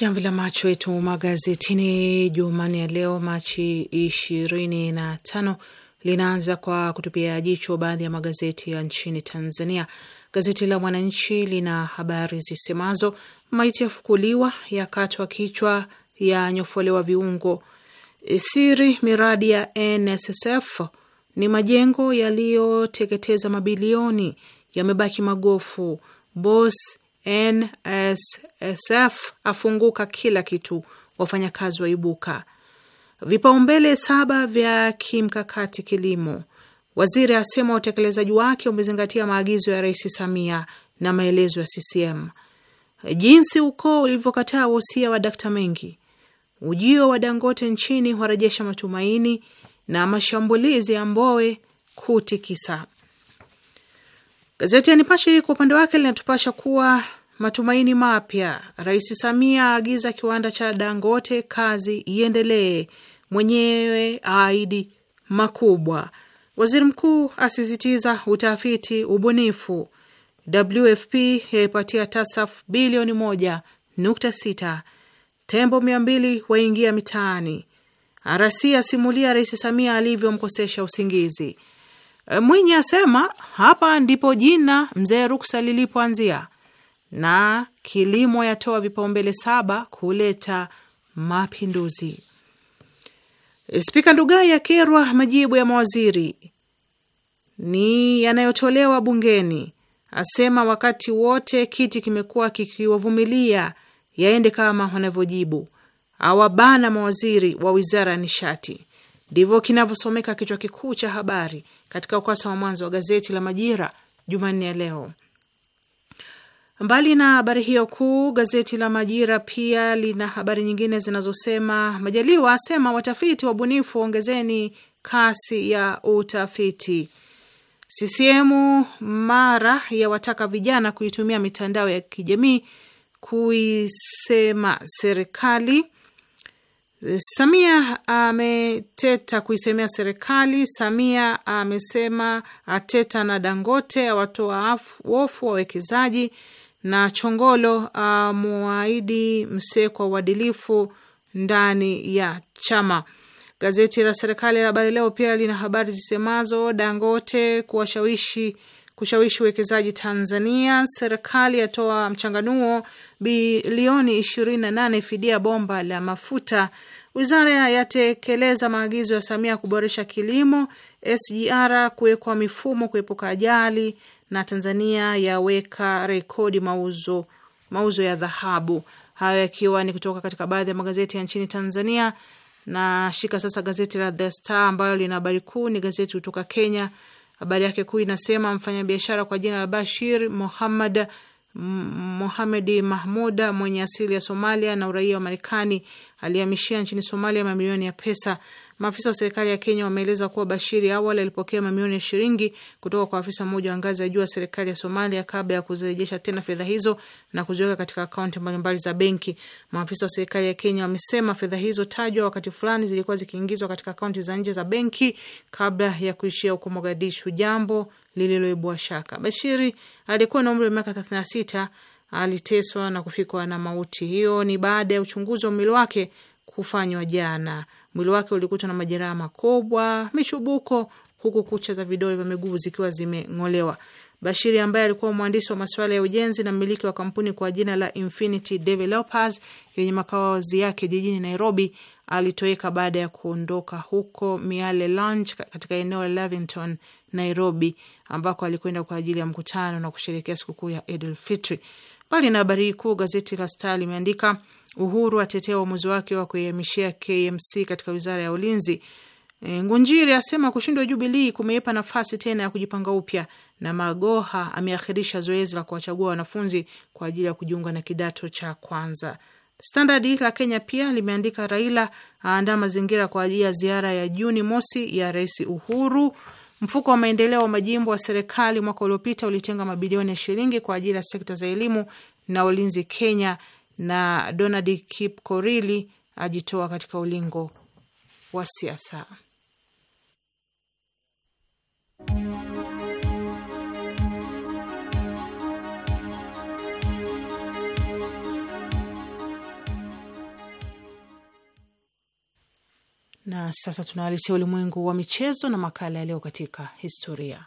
Speaker 1: Jamvi la macho yetu magazetini Jumanne ya leo Machi ishirini na tano linaanza kwa kutupia jicho baadhi ya magazeti ya nchini Tanzania. Gazeti la Mwananchi lina habari zisemazo: maiti yafukuliwa, yakatwa kichwa, yanyofolewa viungo. Siri miradi ya NSSF ni majengo yaliyoteketeza mabilioni, yamebaki magofu. Boss NSSF afunguka kila kitu, wafanyakazi waibuka. Vipaumbele saba vya kimkakati kilimo, waziri asema utekelezaji wake umezingatia maagizo ya Rais Samia na maelezo ya CCM. Jinsi ukoo ulivyokataa wosia wa Dakta Mengi, ujio wa Dangote nchini warejesha matumaini, na mashambulizi ya Mbowe kutikisa. Gazeti ya Nipashe kwa upande wake linatupasha kuwa matumaini mapya. Rais Samia aagiza kiwanda cha Dangote kazi iendelee, mwenyewe aahidi makubwa. Waziri mkuu asisitiza utafiti ubunifu. WFP yaipatia TASAF bilioni moja nukta sita. Tembo mia mbili waingia mitaani. RC asimulia Rais Samia alivyomkosesha usingizi. Mwinyi asema hapa ndipo jina mzee Ruksa lilipoanzia na kilimo yatoa vipaumbele saba kuleta mapinduzi. Spika Ndugai akerwa majibu ya mawaziri ni yanayotolewa bungeni, asema wakati wote kiti kimekuwa kikiwavumilia yaende kama wanavyojibu, awabana mawaziri wa wizara ya nishati. Ndivyo kinavyosomeka kichwa kikuu cha habari katika ukurasa wa mwanzo wa gazeti la Majira Jumanne ya leo. Mbali na habari hiyo kuu, gazeti la Majira pia lina habari nyingine zinazosema: Majaliwa asema watafiti wabunifu, ongezeni kasi ya utafiti. CCM mara ya wataka vijana kuitumia mitandao ya kijamii kuisema serikali. Samia ameteta kuisemea serikali. Samia amesema ateta na Dangote awatoa wofu wawekezaji na Chongolo uh, msee Msekwa uadilifu ndani ya chama. Gazeti la serikali la Habari Leo pia lina habari zisemazo: Dangote kuwashawishi kushawishi uwekezaji Tanzania, serikali yatoa mchanganuo bilioni 28 fidia bomba la mafuta, wizara yatekeleza maagizo ya Samia kuboresha kilimo, SGR kuwekwa mifumo kuepuka ajali na Tanzania yaweka rekodi mauzo, mauzo ya dhahabu. Hayo yakiwa ni kutoka katika baadhi ya magazeti ya nchini Tanzania. Na shika sasa gazeti la The Star ambayo lina habari kuu, ni gazeti kutoka Kenya. Habari yake kuu inasema mfanyabiashara kwa jina la Bashir Mohammad Mohamedi Mahmuda mwenye asili ya Somalia na uraia wa Marekani aliyamishia nchini Somalia mamilioni ya pesa Maafisa wa serikali ya Kenya wameeleza kuwa Bashiri awali alipokea mamilioni ya shilingi kutoka kwa afisa mmoja wa ngazi ya juu wa serikali ya Somalia kabla ya kuzirejesha tena fedha hizo na kuziweka katika akaunti mbalimbali za benki. Maafisa wa serikali ya Kenya wamesema fedha hizo tajwa wakati fulani zilikuwa zikiingizwa katika akaunti za nje za benki kabla ya kuishia huko Mogadishu, jambo lililoibua shaka. Bashiri alikuwa na umri wa miaka 36 aliteswa na kufikwa na mauti. Hiyo ni baada ya uchunguzi wa mwili wake kufanywa jana Mwili wake ulikutwa na majeraha makubwa, michubuko, huku kucha za vidole vya miguu zikiwa zimeng'olewa. Bashiri ambaye alikuwa mwandishi wa masuala ya ujenzi na mmiliki wa kampuni kwa jina la Infinity Developers yenye makazi yake jijini Nairobi alitoweka baada ya kuondoka huko Miale Lounge katika eneo la Lavington, Nairobi, ambako alikwenda kwa ajili ya mkutano na kusherehekea sikukuu ya Idul Fitri. Mbali na habari hii kuu, gazeti la Star limeandika Uhuru atetea uamuzi wake wa kuihamishia KMC katika wizara ya ulinzi. E, Ngunjiri asema kushindwa Jubilii kumeipa nafasi tena ya kujipanga upya, na Magoha ameakhirisha zoezi la kuwachagua wanafunzi kwa ajili ya kujiunga na kidato cha kwanza. Standard la Kenya pia limeandika Raila aandaa mazingira kwa ajili ya ziara ya Juni mosi ya Rais Uhuru. Mfuko wa maendeleo wa majimbo wa serikali mwaka uliopita ulitenga mabilioni ya shilingi kwa ajili ya sekta za elimu na ulinzi Kenya na Donald Kipkorili ajitoa katika ulingo wa siasa. Na sasa tunawaletea ulimwengu wa michezo na makala yaliyo katika historia.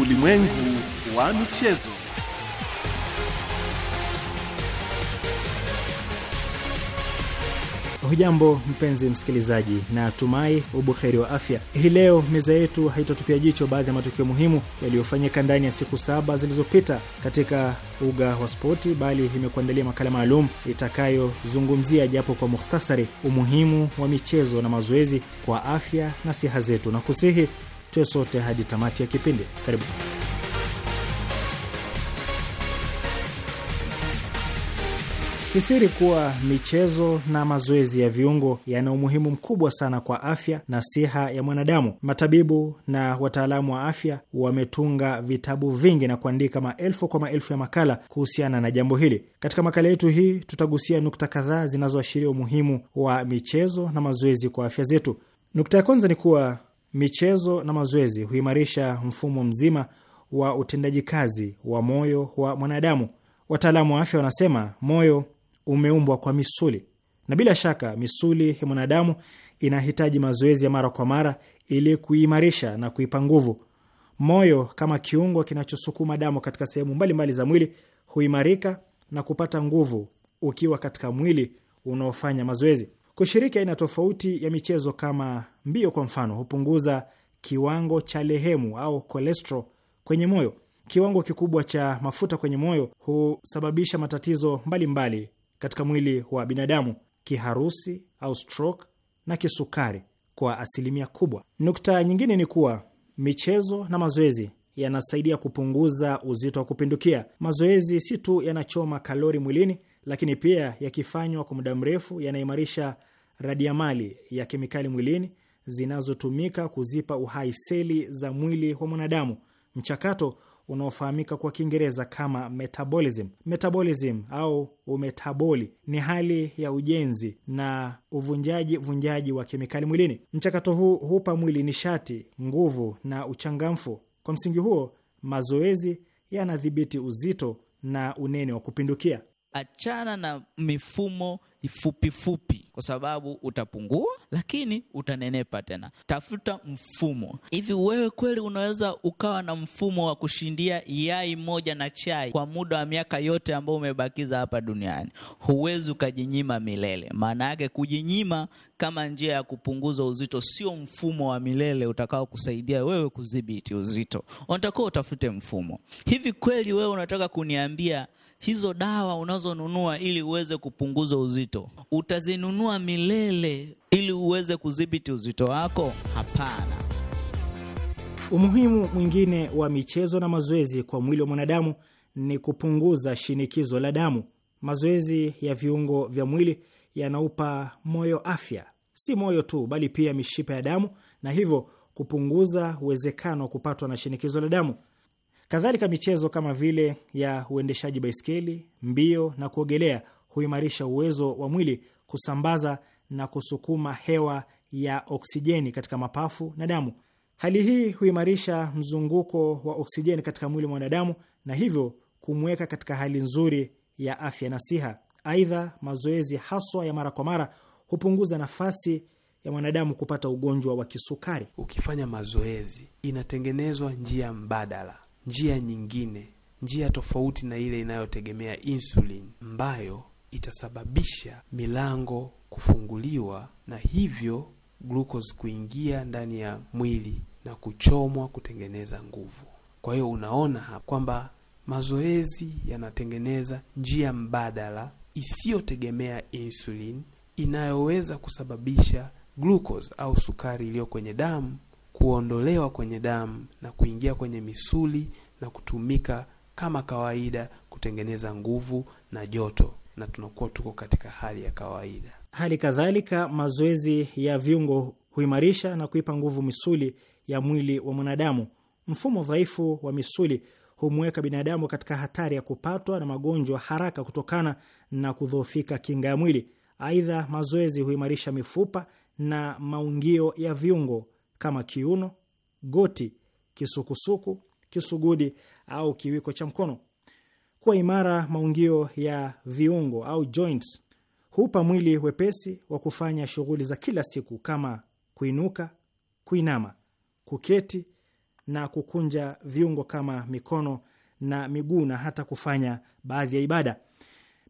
Speaker 2: Ulimwengu wa michezo.
Speaker 3: Hujambo mpenzi msikilizaji, na tumai ubuheri wa afya. Hii leo meza yetu haitatupia jicho baadhi ya matukio muhimu yaliyofanyika ndani ya siku saba zilizopita katika uga wa spoti, bali imekuandalia makala maalum itakayozungumzia japo kwa mukhtasari umuhimu wa michezo na mazoezi kwa afya na siha zetu, na kusihi tuwe sote hadi tamati ya kipindi. Karibu. Sisiri kuwa michezo na mazoezi ya viungo yana umuhimu mkubwa sana kwa afya na siha ya mwanadamu. Matabibu na wataalamu wa afya wametunga vitabu vingi na kuandika maelfu kwa maelfu ya makala kuhusiana na jambo hili. Katika makala yetu hii, tutagusia nukta kadhaa zinazoashiria umuhimu wa michezo na mazoezi kwa afya zetu. Nukta ya kwanza ni kuwa Michezo na mazoezi huimarisha mfumo mzima wa utendaji kazi wa moyo wa mwanadamu. Wataalamu wa afya wanasema moyo umeumbwa kwa misuli, na bila shaka misuli ya mwanadamu inahitaji mazoezi ya mara kwa mara ili kuimarisha na kuipa nguvu. Moyo kama kiungo kinachosukuma damu katika sehemu mbalimbali za mwili huimarika na kupata nguvu ukiwa katika mwili unaofanya mazoezi. Kushiriki aina tofauti ya michezo kama mbio kwa mfano hupunguza kiwango cha lehemu au kolestro kwenye moyo. Kiwango kikubwa cha mafuta kwenye moyo husababisha matatizo mbalimbali mbali katika mwili wa binadamu, kiharusi au stroke na kisukari kwa asilimia kubwa. Nukta nyingine ni kuwa michezo na mazoezi yanasaidia kupunguza uzito wa kupindukia. Mazoezi si tu yanachoma kalori mwilini, lakini pia yakifanywa kwa muda mrefu yanaimarisha radiamali ya kemikali mwilini zinazotumika kuzipa uhai seli za mwili wa mwanadamu, mchakato unaofahamika kwa Kiingereza kama metabolism. Metabolism au umetaboli ni hali ya ujenzi na uvunjaji vunjaji wa kemikali mwilini. Mchakato huu hupa mwili nishati, nguvu na uchangamfu. Kwa msingi huo, mazoezi yanadhibiti uzito na unene wa kupindukia achana na mifumo fupifupi kwa
Speaker 1: sababu utapungua, lakini utanenepa tena. Tafuta mfumo. Hivi wewe kweli unaweza ukawa na mfumo wa kushindia yai moja na chai kwa muda wa miaka yote ambayo umebakiza hapa duniani? Huwezi ukajinyima milele. Maana yake kujinyima kama njia ya kupunguza uzito sio mfumo wa milele utakao kusaidia wewe
Speaker 3: kudhibiti uzito. Unatakiwa utafute mfumo. Hivi kweli wewe unataka kuniambia
Speaker 4: hizo dawa unazonunua ili uweze kupunguza uzito utazinunua
Speaker 3: milele ili uweze kudhibiti uzito wako? Hapana. Umuhimu mwingine wa michezo na mazoezi kwa mwili wa mwanadamu ni kupunguza shinikizo la damu. Mazoezi ya viungo vya mwili yanaupa moyo afya, si moyo tu, bali pia mishipa ya damu, na hivyo kupunguza uwezekano wa kupatwa na shinikizo la damu. Kadhalika, michezo kama vile ya uendeshaji baiskeli, mbio na kuogelea huimarisha uwezo wa mwili kusambaza na kusukuma hewa ya oksijeni katika mapafu na damu. Hali hii huimarisha mzunguko wa oksijeni katika mwili wa mwanadamu na hivyo kumweka katika hali nzuri ya afya na siha. Aidha, mazoezi haswa ya mara kwa mara hupunguza nafasi ya mwanadamu kupata ugonjwa wa kisukari. Ukifanya mazoezi, inatengenezwa njia mbadala njia nyingine, njia tofauti na ile inayotegemea insulin ambayo itasababisha milango kufunguliwa na hivyo glucose kuingia ndani ya mwili na kuchomwa kutengeneza nguvu. Kwa hiyo unaona hapa kwamba mazoezi yanatengeneza njia mbadala isiyotegemea insulin inayoweza kusababisha glucose au sukari iliyo kwenye damu kuondolewa kwenye damu na kuingia kwenye misuli na kutumika kama kawaida kutengeneza nguvu na joto, na tunakuwa tuko katika hali ya kawaida. Hali kadhalika, mazoezi ya viungo huimarisha na kuipa nguvu misuli ya mwili wa mwanadamu. Mfumo dhaifu wa misuli humweka binadamu katika hatari ya kupatwa na magonjwa haraka kutokana na kudhoofika kinga ya mwili. Aidha, mazoezi huimarisha mifupa na maungio ya viungo kama kiuno, goti, kisukusuku, kisugudi au kiwiko cha mkono. Kuwa imara maungio ya viungo au joints hupa mwili wepesi wa kufanya shughuli za kila siku kama kuinuka, kuinama, kuketi na kukunja viungo kama mikono na miguu na hata kufanya baadhi ya ibada.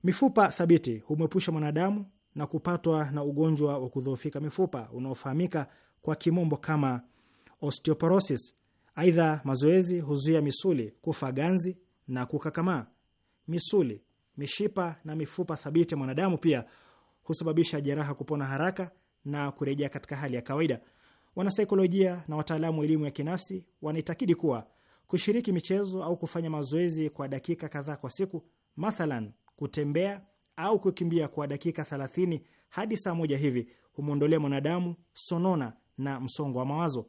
Speaker 3: Mifupa thabiti humwepusha mwanadamu na kupatwa na ugonjwa wa kudhoofika mifupa unaofahamika kwa kimombo kama osteoporosis. Aidha, mazoezi huzuia misuli kufa ganzi na kukakamaa. Misuli, mishipa na mifupa thabiti ya mwanadamu pia husababisha jeraha kupona haraka na kurejea katika hali ya kawaida. Wanasaikolojia na wataalamu wa elimu ya kinafsi wanaitakidi kuwa kushiriki michezo au kufanya mazoezi kwa dakika kadhaa kwa siku, mathalan kutembea au kukimbia kwa dakika 30 hadi saa moja hivi, humwondolea mwanadamu sonona na msongo wa mawazo.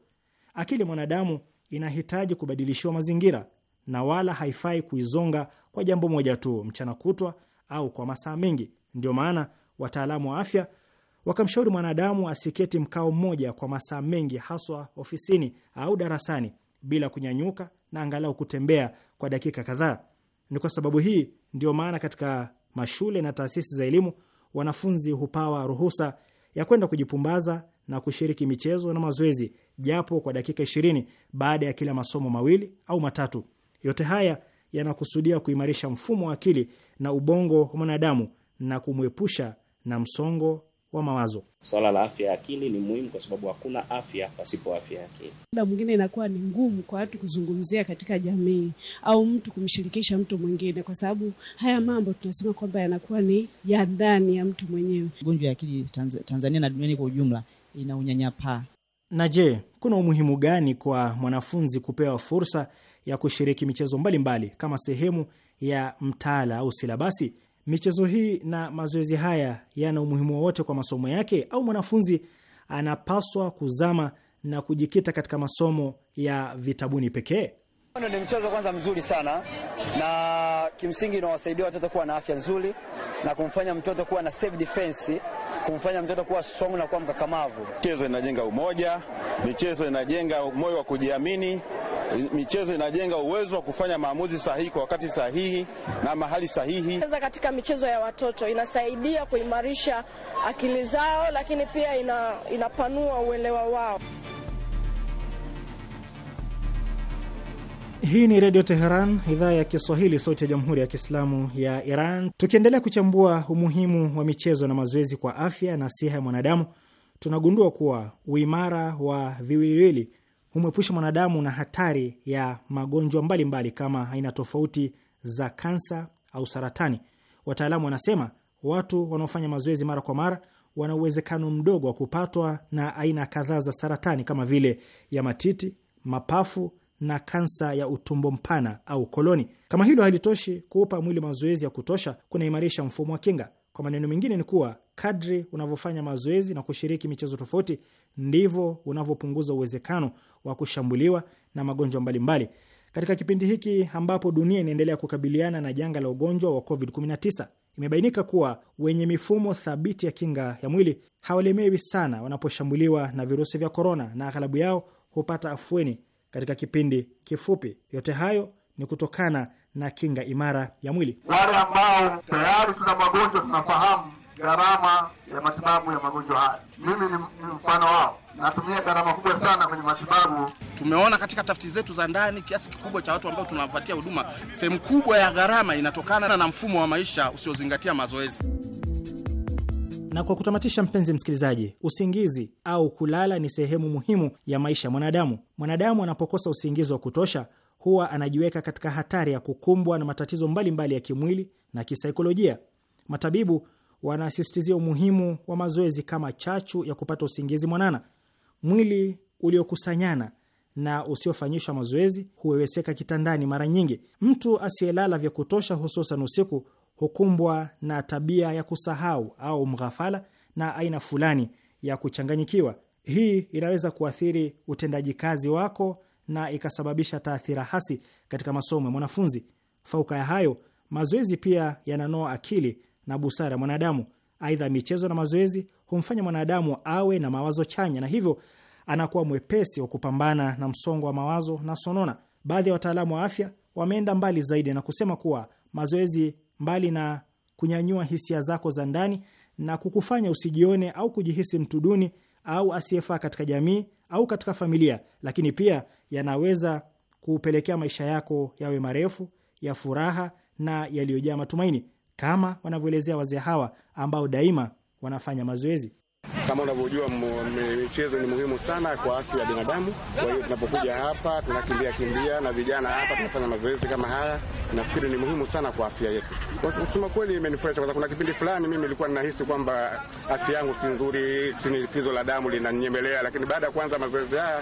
Speaker 3: Akili mwanadamu inahitaji kubadilishiwa mazingira na wala haifai kuizonga kwa jambo moja tu mchana kutwa au kwa masaa mengi. Ndio maana wataalamu wa afya wakamshauri mwanadamu asiketi mkao mmoja kwa masaa mengi, haswa ofisini au darasani, bila kunyanyuka na angalau kutembea kwa dakika kadhaa. Ni kwa sababu hii ndio maana katika mashule na taasisi za elimu wanafunzi hupawa ruhusa ya kwenda kujipumbaza na kushiriki michezo na mazoezi japo kwa dakika ishirini baada ya kila masomo mawili au matatu. Yote haya yanakusudia kuimarisha mfumo wa akili na ubongo wa mwanadamu na kumwepusha na msongo wa mawazo. Swala la afya ya akili ni muhimu kwa sababu hakuna afya pasipo afya ya akili.
Speaker 1: Muda mwingine inakuwa ni ngumu kwa watu kuzungumzia katika jamii au mtu kumshirikisha mtu mwingine, kwa sababu haya mambo tunasema kwamba yanakuwa ni ya ndani ya mtu mwenyewe. Ugonjwa ya akili
Speaker 3: Tanzania na duniani kwa ujumla ina unyanyapaa. Na je, kuna umuhimu gani kwa mwanafunzi kupewa fursa ya kushiriki michezo mbalimbali mbali, kama sehemu ya mtaala au silabasi? Michezo hii na mazoezi haya yana umuhimu wowote kwa masomo yake, au mwanafunzi anapaswa kuzama na kujikita katika masomo ya vitabuni pekee? Ni mchezo kwanza mzuri sana na kimsingi unawasaidia watoto kuwa na afya nzuri na kumfanya mtoto kuwa na self defense kumfanya mtoto kuwa strong na kuwa mkakamavu.
Speaker 5: Michezo inajenga umoja, michezo inajenga moyo wa kujiamini, michezo inajenga uwezo wa kufanya maamuzi sahihi kwa wakati sahihi na mahali sahihi.
Speaker 1: Katika michezo ya watoto inasaidia kuimarisha akili zao, lakini pia ina, inapanua uelewa wao.
Speaker 3: Hii ni Redio Teheran, idhaa ya Kiswahili, sauti ya Jamhuri ya Kiislamu ya Iran. Tukiendelea kuchambua umuhimu wa michezo na mazoezi kwa afya na siha ya mwanadamu, tunagundua kuwa uimara wa viwiliwili humwepusha mwanadamu na hatari ya magonjwa mbalimbali mbali kama aina tofauti za kansa au saratani. Wataalamu wanasema watu wanaofanya mazoezi mara kwa mara wana uwezekano mdogo wa kupatwa na aina kadhaa za saratani kama vile ya matiti, mapafu na kansa ya utumbo mpana au koloni. Kama hilo halitoshi, kuupa mwili mazoezi ya kutosha kunaimarisha mfumo wa kinga. Kwa maneno mengine, ni kuwa kadri unavyofanya mazoezi na kushiriki michezo tofauti, ndivyo unavyopunguza uwezekano wa kushambuliwa na magonjwa mbalimbali. mbali. Katika kipindi hiki ambapo dunia inaendelea kukabiliana na janga la ugonjwa wa COVID-19, imebainika kuwa wenye mifumo thabiti ya kinga ya mwili hawalemewi sana wanaposhambuliwa na virusi vya korona, na aghalabu yao hupata afueni katika kipindi kifupi. Yote hayo ni kutokana na kinga imara ya mwili. Wale
Speaker 6: ambao tayari tuna magonjwa, tunafahamu gharama ya matibabu ya magonjwa
Speaker 3: haya. Mimi ni mfano wao, natumia gharama kubwa sana kwenye matibabu. Tumeona katika tafiti zetu za ndani, kiasi kikubwa cha watu ambao tunawapatia huduma, sehemu kubwa ya gharama inatokana na mfumo wa maisha usiozingatia mazoezi. Na kwa kutamatisha, mpenzi msikilizaji, usingizi au kulala ni sehemu muhimu ya maisha ya mwanadamu. Mwanadamu anapokosa usingizi wa kutosha huwa anajiweka katika hatari ya kukumbwa na matatizo mbalimbali mbali ya kimwili na kisaikolojia. Matabibu wanasisitizia umuhimu wa mazoezi kama chachu ya kupata usingizi mwanana. Mwili uliokusanyana na usiofanyishwa mazoezi huweweseka kitandani mara nyingi. Mtu asiyelala vya kutosha, hususan usiku, hukumbwa na tabia ya kusahau au mghafala na aina fulani ya kuchanganyikiwa. Hii inaweza kuathiri utendaji kazi wako na ikasababisha taathira hasi katika masomo ya mwanafunzi. Fauka ya hayo, mazoezi pia yananoa akili na busara ya mwanadamu. Aidha, michezo na mazoezi humfanya mwanadamu awe na mawazo chanya na hivyo anakuwa mwepesi wa kupambana na msongo wa mawazo na sonona. Baadhi ya wataalamu wa afya wameenda mbali zaidi na kusema kuwa mazoezi mbali na kunyanyua hisia zako za ndani na kukufanya usijione au kujihisi mtu duni au asiyefaa katika jamii au katika familia, lakini pia yanaweza kupelekea maisha yako yawe marefu ya furaha na yaliyojaa matumaini, kama wanavyoelezea wazee hawa ambao daima wanafanya mazoezi.
Speaker 5: Kama unavyojua michezo ni muhimu sana kwa afya ya binadamu. Kwa hiyo tunapokuja hapa tunakimbia kimbia na vijana hapa tunafanya mazoezi kama haya, nafikiri ni muhimu sana kwa afya yetu. Kusema kweli, imenifurahisha kwa sababu kuna kipindi fulani mimi nilikuwa ninahisi kwamba afya yangu si nzuri, shinikizo la damu linanyemelea, lakini baada ya kuanza mazoezi haya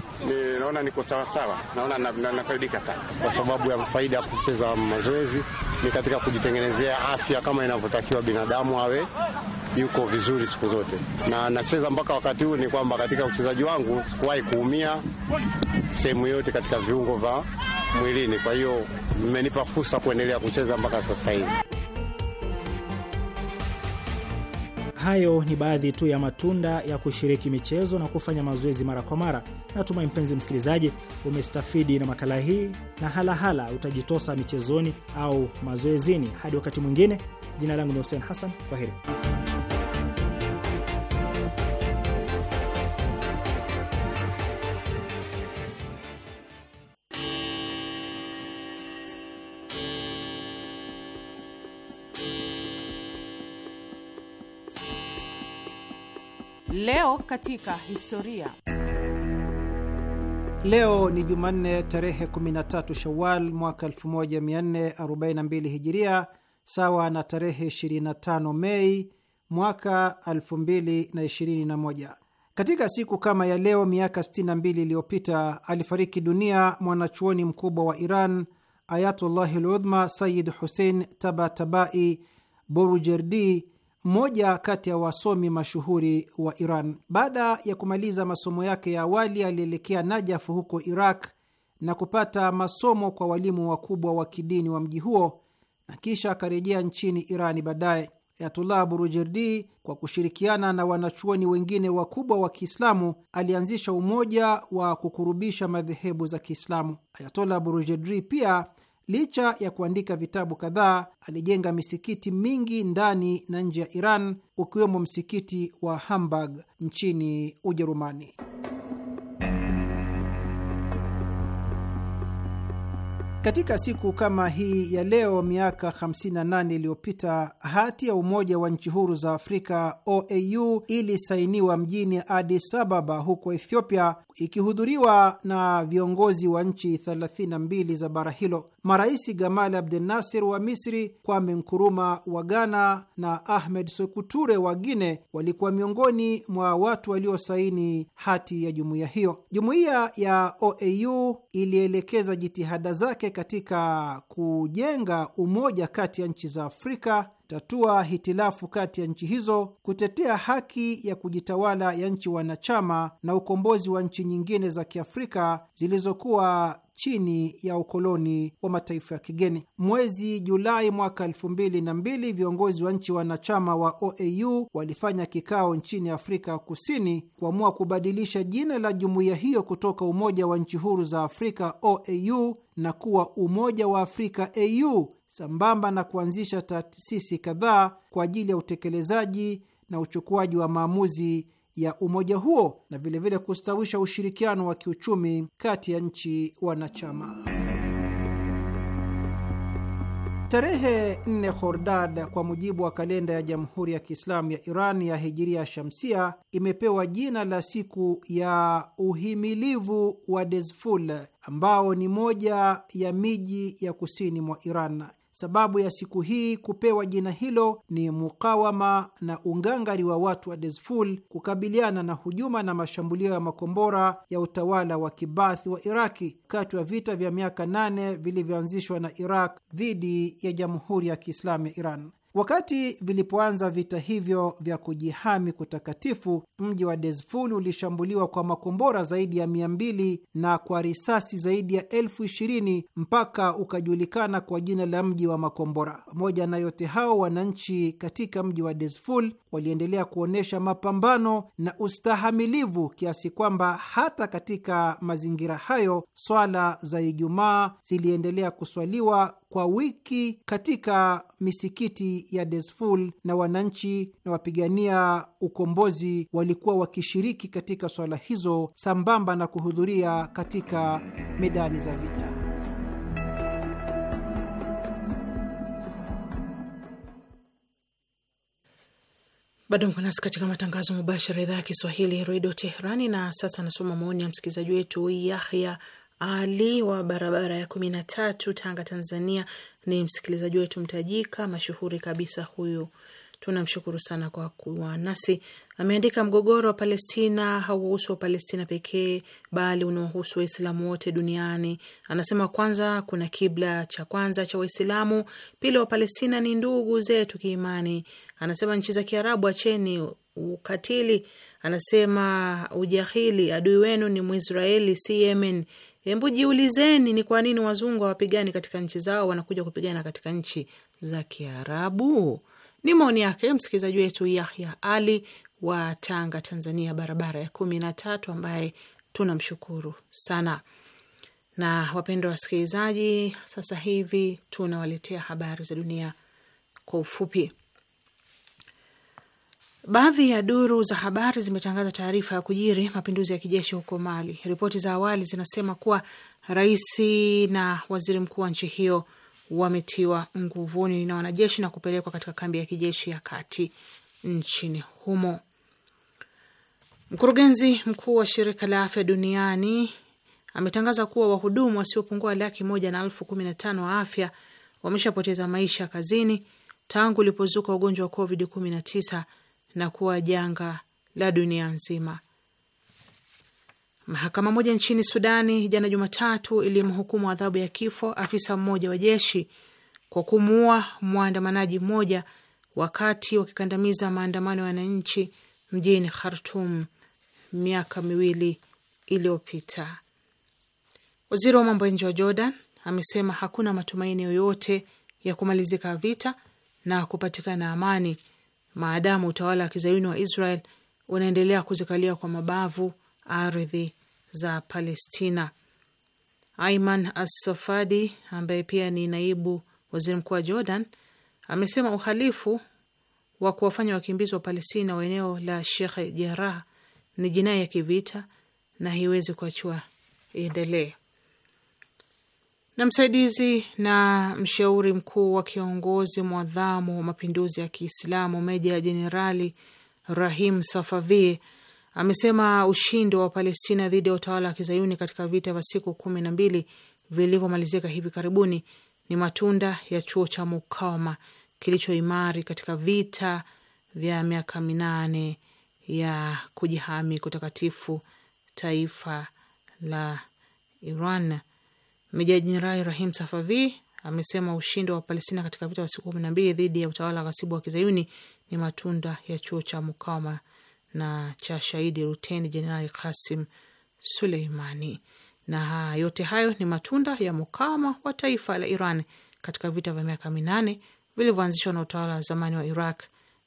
Speaker 5: naona niko sawasawa, naona nafaidika na, na, sana. Kwa sababu ya faida ya kucheza mazoezi ni katika kujitengenezea afya kama inavyotakiwa binadamu awe yuko vizuri siku zote na nacheza mpaka wakati huu ni kwamba katika uchezaji wangu sikuwahi kuumia sehemu yote katika viungo vya mwilini, kwa hiyo mmenipa fursa kuendelea kucheza mpaka sasa hivi.
Speaker 3: Hayo ni baadhi tu ya matunda ya kushiriki michezo na kufanya mazoezi mara kwa mara. Natumai mpenzi msikilizaji, umestafidi na makala hii na halahala hala utajitosa michezoni au mazoezini. Hadi wakati mwingine, jina langu ni Hussein Hassan, kwa heri.
Speaker 1: Leo katika historia.
Speaker 6: Leo ni Jumanne tarehe 13 Shawal mwaka 1442 Hijiria, sawa na tarehe 25 Mei mwaka 2021. Katika siku kama ya leo miaka 62 iliyopita alifariki dunia mwanachuoni mkubwa wa Iran Ayatullahi Ludhma Sayid Hussein Tabatabai Borujerdi mmoja kati ya wasomi mashuhuri wa Iran. Baada ya kumaliza masomo yake ya awali, alielekea Najafu huko Iraq na kupata masomo kwa walimu wakubwa wa kidini wa mji huo na kisha akarejea nchini Irani baadaye. Ayatullah Burujerdi kwa kushirikiana na wanachuoni wengine wakubwa wa Kiislamu alianzisha umoja wa kukurubisha madhehebu za Kiislamu. Ayatollah Burujerdi pia Licha ya kuandika vitabu kadhaa, alijenga misikiti mingi ndani na nje ya Iran, ukiwemo msikiti wa Hamburg nchini Ujerumani. Katika siku kama hii ya leo miaka 58 iliyopita hati ya Umoja wa Nchi Huru za Afrika OAU ilisainiwa mjini Addis Ababa huko Ethiopia, ikihudhuriwa na viongozi wa nchi 32 za bara hilo marais Gamal Abdel Nasir wa Misri, Kwame Nkuruma wa Ghana na Ahmed Sekuture wa Guine walikuwa miongoni mwa watu waliosaini hati ya jumuiya hiyo. Jumuiya ya OAU ilielekeza jitihada zake katika kujenga umoja kati ya nchi za Afrika, tatua hitilafu kati ya nchi hizo, kutetea haki ya kujitawala ya nchi wanachama na ukombozi wa nchi nyingine za Kiafrika zilizokuwa chini ya ukoloni wa mataifa ya kigeni. Mwezi Julai mwaka elfu mbili na mbili viongozi wa nchi wanachama wa OAU walifanya kikao nchini Afrika Kusini kuamua kubadilisha jina la jumuiya hiyo kutoka Umoja wa Nchi Huru za Afrika OAU na kuwa Umoja wa Afrika AU sambamba na kuanzisha taasisi kadhaa kwa ajili ya utekelezaji na uchukuaji wa maamuzi ya umoja huo na vilevile vile kustawisha ushirikiano wa kiuchumi kati ya nchi wanachama. Tarehe nne Khordad kwa mujibu wa kalenda ya Jamhuri ya Kiislamu ya Iran ya Hijiria Shamsia imepewa jina la siku ya uhimilivu wa Dezful ambao ni moja ya miji ya kusini mwa Iran. Sababu ya siku hii kupewa jina hilo ni mukawama na ungangari wa watu wa Dezful kukabiliana na hujuma na mashambulio ya makombora ya utawala wa kibathi wa Iraki wakati wa vita vya miaka nane vilivyoanzishwa na Iraq dhidi ya Jamhuri ya Kiislamu ya Iran. Wakati vilipoanza vita hivyo vya kujihami kutakatifu, mji wa Dezfun ulishambuliwa kwa makombora zaidi ya mia mbili na kwa risasi zaidi ya elfu ishirini mpaka ukajulikana kwa jina la mji wa makombora. Pamoja na yote hao, wananchi katika mji wa Dezful waliendelea kuonyesha mapambano na ustahamilivu kiasi kwamba hata katika mazingira hayo swala za Ijumaa ziliendelea kuswaliwa kwa wiki katika misikiti ya Desful na wananchi na wapigania ukombozi walikuwa wakishiriki katika swala hizo sambamba na kuhudhuria katika medani
Speaker 1: za vita. Bado mko nasi katika matangazo mubashara idhaa ya Kiswahili redio Teherani. Na sasa anasoma maoni ya msikilizaji wetu Yahya Ali wa barabara ya kumi na tatu, Tanga, Tanzania. Ni msikilizaji wetu mtajika mashuhuri kabisa huyu Tunamshukuru sana kwa kuwa nasi. Ameandika, mgogoro wa Palestina hauhusu wa Palestina pekee, bali unaohusu Waislamu wote duniani. Anasema kwanza kuna kibla cha kwanza cha Waislamu, pili wa Palestina ni ndugu zetu kiimani. Anasema nchi za Kiarabu, acheni ukatili. Anasema ujahili, adui wenu ni Mwisraeli si Yemen. Hebu jiulizeni ni kwa nini wazungu hawapigani katika nchi zao, wanakuja kupigana katika nchi za Kiarabu. Ni maoni yake msikilizaji wetu Yahya Ali wa Tanga, Tanzania, barabara ya kumi na tatu, ambaye tunamshukuru sana. Na wapendwa wasikilizaji, sasa hivi tunawaletea habari za dunia kwa ufupi. Baadhi ya duru za habari zimetangaza taarifa ya kujiri mapinduzi ya kijeshi huko Mali. Ripoti za awali zinasema kuwa rais na waziri mkuu wa nchi hiyo wametiwa nguvuni na wanajeshi na kupelekwa katika kambi ya kijeshi ya kati nchini humo. Mkurugenzi mkuu wa shirika la afya duniani ametangaza kuwa wahudumu wasiopungua laki moja na elfu kumi na tano wa afya wameshapoteza maisha kazini tangu ulipozuka ugonjwa wa COVID 19 na kuwa janga la dunia nzima. Mahakama moja nchini Sudani jana Jumatatu ilimhukumu adhabu ya kifo afisa mmoja wa jeshi kwa kumuua mwandamanaji mmoja wakati wakikandamiza maandamano ya wananchi mjini Khartum miaka miwili iliyopita. Waziri wa mambo ya nje wa Jordan amesema hakuna matumaini yoyote ya kumalizika vita na kupatikana amani maadamu utawala wa kizayuni wa Israel unaendelea kuzikalia kwa mabavu ardhi za Palestina. Aiman Assofadi ambaye pia ni naibu waziri mkuu wa Jordan amesema uhalifu wa kuwafanya wakimbizi wa Palestina wa eneo la Sheikh Jarrah ni jinai ya kivita na haiwezi kuachiwa iendelee. Na msaidizi na mshauri mkuu wa kiongozi mwadhamu wa mapinduzi ya Kiislamu meja ya jenerali Rahim Safavi amesema ushindi wa Palestina dhidi ya utawala wa kizayuni katika vita vya siku kumi na mbili vilivyomalizika hivi karibuni ni matunda ya chuo cha mukawama kilichoimari katika vita vya miaka minane ya kujihami kutakatifu taifa la Iran. Meja Jenerali Rahim Safavi amesema ushindi wa Palestina katika vita vya siku kumi na mbili dhidi ya utawala wa ghasibu wa kizayuni ni matunda ya chuo cha mukawama na cha shahidi Luteni Jenerali Kasim Suleimani. Na yote hayo ni matunda ya mukawama wa taifa la Iran katika vita vya miaka minane vilivyoanzishwa na utawala wa zamani wa Iraq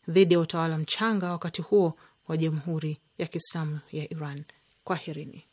Speaker 1: dhidi ya utawala mchanga wakati huo wa Jamhuri ya Kiislamu ya Iran. Kwaherini.